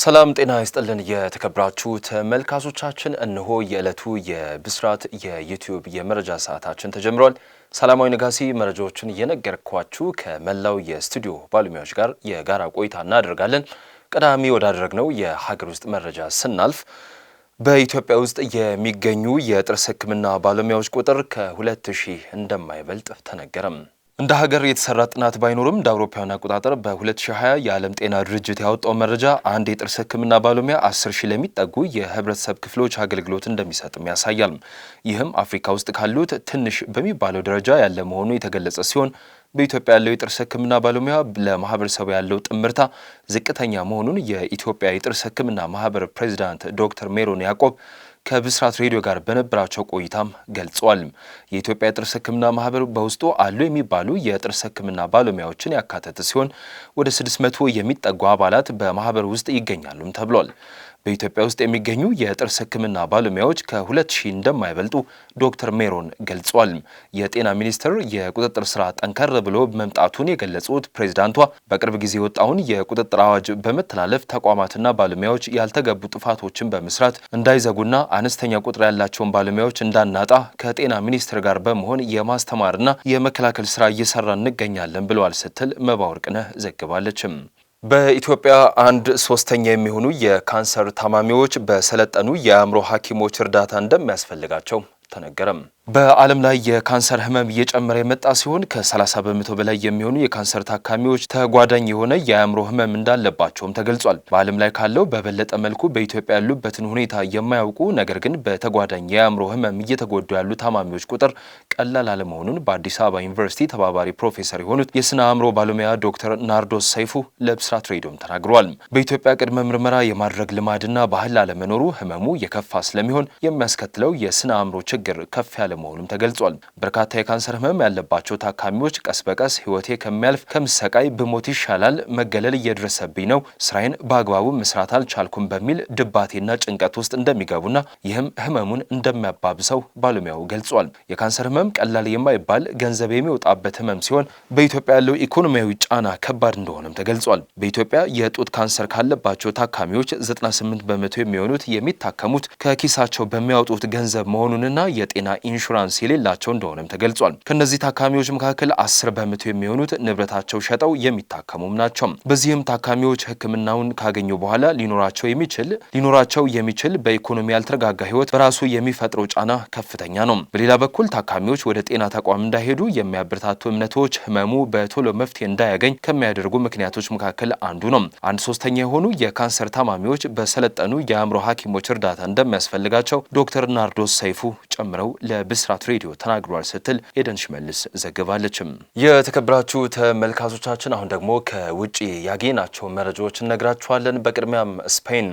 ሰላም ጤና ይስጥልን የተከብራችሁ ተመልካቾቻችን፣ እነሆ የዕለቱ የብስራት የዩቲዩብ የመረጃ ሰዓታችን ተጀምሯል። ሰላማዊ ነጋሲ መረጃዎችን እየነገርኳችሁ ከመላው የስቱዲዮ ባለሙያዎች ጋር የጋራ ቆይታ እናደርጋለን። ቀዳሚ ወዳደረግነው የሀገር ውስጥ መረጃ ስናልፍ በኢትዮጵያ ውስጥ የሚገኙ የጥርስ ሕክምና ባለሙያዎች ቁጥር ከሁለት ሺህ እንደማይበልጥ ተነገረም። እንደ ሀገር የተሰራ ጥናት ባይኖርም እንደ አውሮፓውያን አቆጣጠር በ2020 የዓለም ጤና ድርጅት ያወጣው መረጃ አንድ የጥርስ ሕክምና ባለሙያ 10 ሺህ ለሚጠጉ የህብረተሰብ ክፍሎች አገልግሎት እንደሚሰጥም ያሳያል። ይህም አፍሪካ ውስጥ ካሉት ትንሽ በሚባለው ደረጃ ያለ መሆኑ የተገለጸ ሲሆን በኢትዮጵያ ያለው የጥርስ ሕክምና ባለሙያ ለማህበረሰቡ ያለው ጥምርታ ዝቅተኛ መሆኑን የኢትዮጵያ የጥርስ ሕክምና ማህበር ፕሬዚዳንት ዶክተር ሜሮን ያዕቆብ ከብስራት ሬዲዮ ጋር በነበራቸው ቆይታም ገልጸዋል። የኢትዮጵያ የጥርስ ሕክምና ማህበር በውስጡ አሉ የሚባሉ የጥርስ ሕክምና ባለሙያዎችን ያካተተ ሲሆን ወደ 600 የሚጠጉ አባላት በማህበር ውስጥ ይገኛሉም ተብሏል። በኢትዮጵያ ውስጥ የሚገኙ የጥርስ ሕክምና ባለሙያዎች ከሁለት ሺህ እንደማይበልጡ ዶክተር ሜሮን ገልጿል። የጤና ሚኒስቴር የቁጥጥር ስራ ጠንከር ብሎ መምጣቱን የገለጹት ፕሬዚዳንቷ በቅርብ ጊዜ የወጣውን የቁጥጥር አዋጅ በመተላለፍ ተቋማትና ባለሙያዎች ያልተገቡ ጥፋቶችን በመስራት እንዳይዘጉና አነስተኛ ቁጥር ያላቸውን ባለሙያዎች እንዳናጣ ከጤና ሚኒስቴር ጋር በመሆን የማስተማርና የመከላከል ስራ እየሰራ እንገኛለን ብለዋል ስትል መባወርቅነህ ዘግባለችም። በኢትዮጵያ አንድ ሶስተኛ የሚሆኑ የካንሰር ታማሚዎች በሰለጠኑ የአእምሮ ሐኪሞች እርዳታ እንደሚያስፈልጋቸው ተነገረም። በዓለም ላይ የካንሰር ህመም እየጨመረ የመጣ ሲሆን ከ30 በመቶ በላይ የሚሆኑ የካንሰር ታካሚዎች ተጓዳኝ የሆነ የአእምሮ ህመም እንዳለባቸውም ተገልጿል። በዓለም ላይ ካለው በበለጠ መልኩ በኢትዮጵያ ያሉበትን ሁኔታ የማያውቁ ነገር ግን በተጓዳኝ የአእምሮ ህመም እየተጎዱ ያሉ ታማሚዎች ቁጥር ቀላል አለመሆኑን በአዲስ አበባ ዩኒቨርሲቲ ተባባሪ ፕሮፌሰር የሆኑት የስነ አእምሮ ባለሙያ ዶክተር ናርዶስ ሰይፉ ለብስራት ሬዲዮም ተናግረዋል። በኢትዮጵያ ቅድመ ምርመራ የማድረግ ልማድና ባህል አለመኖሩ ህመሙ የከፋ ስለሚሆን የሚያስከትለው የስነ አእምሮ ችግር ከፍ ያለ አለመሆኑም ተገልጿል። በርካታ የካንሰር ህመም ያለባቸው ታካሚዎች ቀስ በቀስ ህይወቴ ከሚያልፍ ከምሰቃይ ብሞት ይሻላል፣ መገለል እየደረሰብኝ ነው፣ ስራዬን በአግባቡ መስራት አልቻልኩም በሚል ድባቴና ጭንቀት ውስጥ እንደሚገቡና ይህም ህመሙን እንደሚያባብሰው ባለሙያው ገልጿል። የካንሰር ህመም ቀላል የማይባል ገንዘብ የሚወጣበት ህመም ሲሆን በኢትዮጵያ ያለው ኢኮኖሚያዊ ጫና ከባድ እንደሆነም ተገልጿል። በኢትዮጵያ የጡት ካንሰር ካለባቸው ታካሚዎች 98 በመቶ የሚሆኑት የሚታከሙት ከኪሳቸው በሚያወጡት ገንዘብ መሆኑንና የጤና ኢንሹ ኢንሹራንስ የሌላቸው እንደሆነም ተገልጿል። ከእነዚህ ታካሚዎች መካከል አስር በመቶ የሚሆኑት ንብረታቸው ሸጠው የሚታከሙም ናቸው። በዚህም ታካሚዎች ሕክምናውን ካገኙ በኋላ ሊኖራቸው የሚችል ሊኖራቸው የሚችል በኢኮኖሚ ያልተረጋጋ ህይወት በራሱ የሚፈጥረው ጫና ከፍተኛ ነው። በሌላ በኩል ታካሚዎች ወደ ጤና ተቋም እንዳይሄዱ የሚያበረታቱ እምነቶች ህመሙ በቶሎ መፍትሄ እንዳያገኝ ከሚያደርጉ ምክንያቶች መካከል አንዱ ነው። አንድ ሶስተኛ የሆኑ የካንሰር ታማሚዎች በሰለጠኑ የአእምሮ ሐኪሞች እርዳታ እንደሚያስፈልጋቸው ዶክተር ናርዶስ ሰይፉ ጨምረው ለብ ብስራት ሬዲዮ ተናግሯል ስትል ኤደን ሽመልስ ዘግባለችም። የተከበራችሁ ተመልካቾቻችን አሁን ደግሞ ከውጭ ያገኘናቸው መረጃዎች እነግራችኋለን። በቅድሚያም ስፔን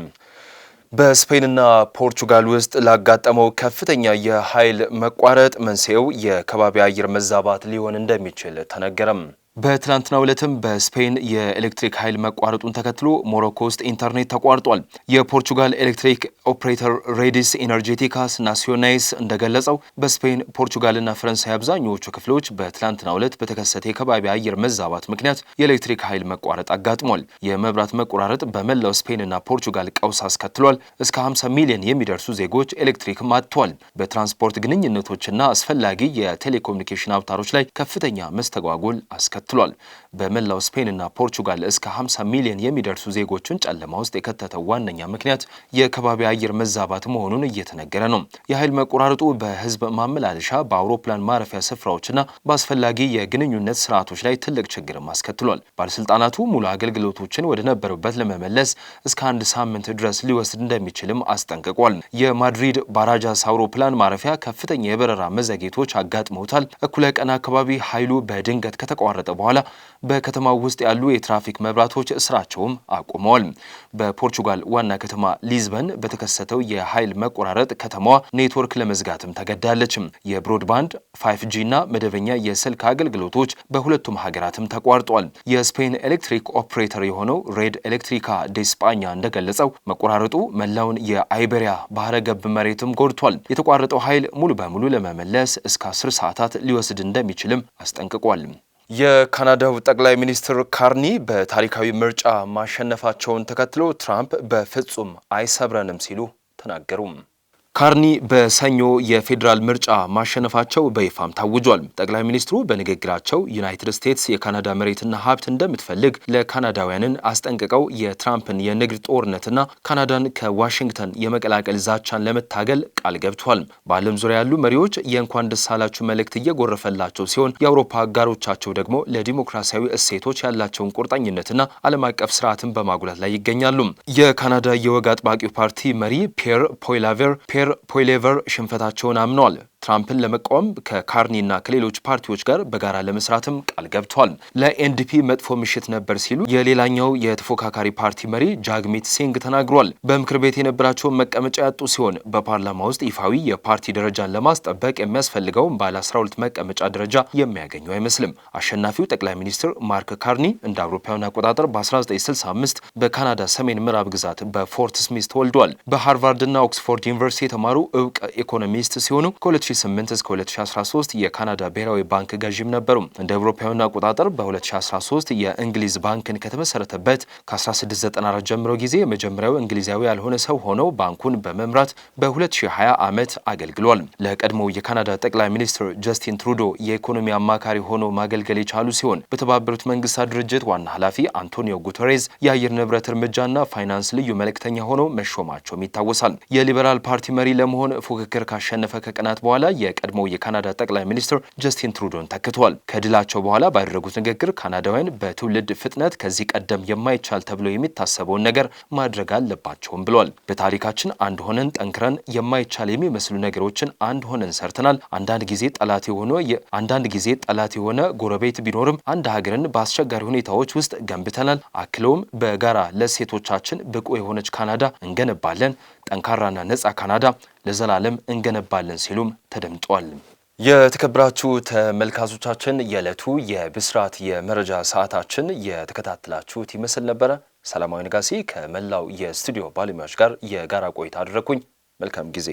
በስፔንና ፖርቹጋል ውስጥ ላጋጠመው ከፍተኛ የኃይል መቋረጥ መንስኤው የከባቢ አየር መዛባት ሊሆን እንደሚችል ተነገረም። በትናንትናው ዕለትም በስፔን የኤሌክትሪክ ኃይል መቋረጡን ተከትሎ ሞሮኮ ውስጥ ኢንተርኔት ተቋርጧል። የፖርቹጋል ኤሌክትሪክ ኦፕሬተር ሬዲስ ኢነርጄቲካስ ናሲዮናይስ እንደገለጸው በስፔን ፖርቹጋልና ፈረንሳይ አብዛኛዎቹ ክፍሎች በትናንትናው ዕለት በተከሰተ የከባቢ አየር መዛባት ምክንያት የኤሌክትሪክ ኃይል መቋረጥ አጋጥሟል። የመብራት መቆራረጥ በመላው ስፔንና ፖርቹጋል ቀውስ አስከትሏል። እስከ 50 ሚሊዮን የሚደርሱ ዜጎች ኤሌክትሪክም አጥቷል። በትራንስፖርት ግንኙነቶችና አስፈላጊ የቴሌኮሙኒኬሽን አውታሮች ላይ ከፍተኛ መስተጓጎል አስከትሏል። አስከትሏል። በመላው ስፔንና ፖርቹጋል እስከ 50 ሚሊዮን የሚደርሱ ዜጎችን ጨለማ ውስጥ የከተተው ዋነኛ ምክንያት የከባቢ አየር መዛባት መሆኑን እየተነገረ ነው። የኃይል መቆራረጡ በህዝብ ማመላለሻ፣ በአውሮፕላን ማረፊያ ስፍራዎችና በአስፈላጊ የግንኙነት ስርዓቶች ላይ ትልቅ ችግርም አስከትሏል። ባለስልጣናቱ ሙሉ አገልግሎቶችን ወደ ነበሩበት ለመመለስ እስከ አንድ ሳምንት ድረስ ሊወስድ እንደሚችልም አስጠንቅቋል። የማድሪድ ባራጃስ አውሮፕላን ማረፊያ ከፍተኛ የበረራ መዘግየቶች አጋጥመውታል። እኩለ ቀን አካባቢ ኃይሉ በድንገት ከተቋረጠ በኋላ በከተማው ውስጥ ያሉ የትራፊክ መብራቶች ስራቸውም አቁመዋል። በፖርቹጋል ዋና ከተማ ሊዝበን በተከሰተው የኃይል መቆራረጥ ከተማዋ ኔትወርክ ለመዝጋትም ተገዳለች። የብሮድባንድ ፋይፍ ጂ እና መደበኛ የስልክ አገልግሎቶች በሁለቱም ሀገራትም ተቋርጧል። የስፔን ኤሌክትሪክ ኦፕሬተር የሆነው ሬድ ኤሌክትሪካ ዴስፓኛ እንደገለጸው መቆራረጡ መላውን የአይቤሪያ ባህረ ገብ መሬትም ጎድቷል። የተቋረጠው ኃይል ሙሉ በሙሉ ለመመለስ እስከ አስር ሰዓታት ሊወስድ እንደሚችልም አስጠንቅቋል። የካናዳው ጠቅላይ ሚኒስትር ካርኒ በታሪካዊ ምርጫ ማሸነፋቸውን ተከትሎ ትራምፕ በፍጹም አይሰብረንም ሲሉ ተናገሩም። ካርኒ በሰኞ የፌዴራል ምርጫ ማሸነፋቸው በይፋም ታውጇል። ጠቅላይ ሚኒስትሩ በንግግራቸው ዩናይትድ ስቴትስ የካናዳ መሬትና ሀብት እንደምትፈልግ ለካናዳውያንን አስጠንቅቀው የትራምፕን የንግድ ጦርነትና ካናዳን ከዋሽንግተን የመቀላቀል ዛቻን ለመታገል ቃል ገብቷል። በዓለም ዙሪያ ያሉ መሪዎች የእንኳን ደስ አላችሁ መልእክት እየጎረፈላቸው ሲሆን የአውሮፓ አጋሮቻቸው ደግሞ ለዲሞክራሲያዊ እሴቶች ያላቸውን ቁርጠኝነትና ዓለም አቀፍ ስርዓትን በማጉላት ላይ ይገኛሉ። የካናዳ የወግ አጥባቂው ፓርቲ መሪ ፒየር ፖይላቬር ፒየር ፒየር ፖይሌቨር ሽንፈታቸውን አምነዋል። ትራምፕን ለመቃወም ከካርኒና ከሌሎች ፓርቲዎች ጋር በጋራ ለመስራትም ቃል ገብቷል። ለኤንዲፒ መጥፎ ምሽት ነበር ሲሉ የሌላኛው የተፎካካሪ ፓርቲ መሪ ጃግሚት ሲንግ ተናግሯል። በምክር ቤት የነበራቸውን መቀመጫ ያጡ ሲሆን በፓርላማ ውስጥ ይፋዊ የፓርቲ ደረጃን ለማስጠበቅ የሚያስፈልገውን ባለ 12 መቀመጫ ደረጃ የሚያገኙ አይመስልም። አሸናፊው ጠቅላይ ሚኒስትር ማርክ ካርኒ እንደ አውሮፓውያን አቆጣጠር በ1965 በካናዳ ሰሜን ምዕራብ ግዛት በፎርት ስሚዝ ተወልዷል። በሃርቫርድና ኦክስፎርድ ዩኒቨርሲቲ የተማሩ እውቅ ኢኮኖሚስት ሲሆኑ ከ 2008 እስከ 2013 የካናዳ ብሔራዊ ባንክ ገዥም ነበሩ። እንደ አውሮፓውያን አቆጣጠር በ2013 የእንግሊዝ ባንክን ከተመሰረተበት ከ1694 ጀምሮ ጊዜ የመጀመሪያው እንግሊዛዊ ያልሆነ ሰው ሆነው ባንኩን በመምራት በ2020 ዓመት አገልግሏል። ለቀድሞው የካናዳ ጠቅላይ ሚኒስትር ጀስቲን ትሩዶ የኢኮኖሚ አማካሪ ሆኖ ማገልገል የቻሉ ሲሆን በተባበሩት መንግስታት ድርጅት ዋና ኃላፊ አንቶኒዮ ጉተሬዝ የአየር ንብረት እርምጃና ፋይናንስ ልዩ መልእክተኛ ሆኖ መሾማቸውም ይታወሳል። የሊበራል ፓርቲ መሪ ለመሆን ፉክክር ካሸነፈ ከቀናት በኋላ በኋላ የቀድሞ የካናዳ ጠቅላይ ሚኒስትር ጀስቲን ትሩዶን ተክቷል። ከድላቸው በኋላ ባደረጉት ንግግር ካናዳውያን በትውልድ ፍጥነት ከዚህ ቀደም የማይቻል ተብሎ የሚታሰበውን ነገር ማድረግ አለባቸውም ብሏል። በታሪካችን አንድ ሆነን ጠንክረን የማይቻል የሚመስሉ ነገሮችን አንድ ሆነን ሰርተናል። አንዳንድ ጊዜ ጠላት የሆነ አንዳንድ ጊዜ ጠላት የሆነ ጎረቤት ቢኖርም አንድ ሀገርን በአስቸጋሪ ሁኔታዎች ውስጥ ገንብተናል። አክለውም በጋራ ለሴቶቻችን ብቁ የሆነች ካናዳ እንገነባለን ጠንካራና ነፃ ካናዳ ለዘላለም እንገነባለን ሲሉም ተደምጧል። የተከብራችሁ ተመልካቾቻችን የዕለቱ የብስራት የመረጃ ሰዓታችን የተከታተላችሁት ይመስል ነበረ። ሰላማዊ ነጋሴ ከመላው የስቱዲዮ ባለሙያዎች ጋር የጋራ ቆይታ አደረግኩኝ። መልካም ጊዜ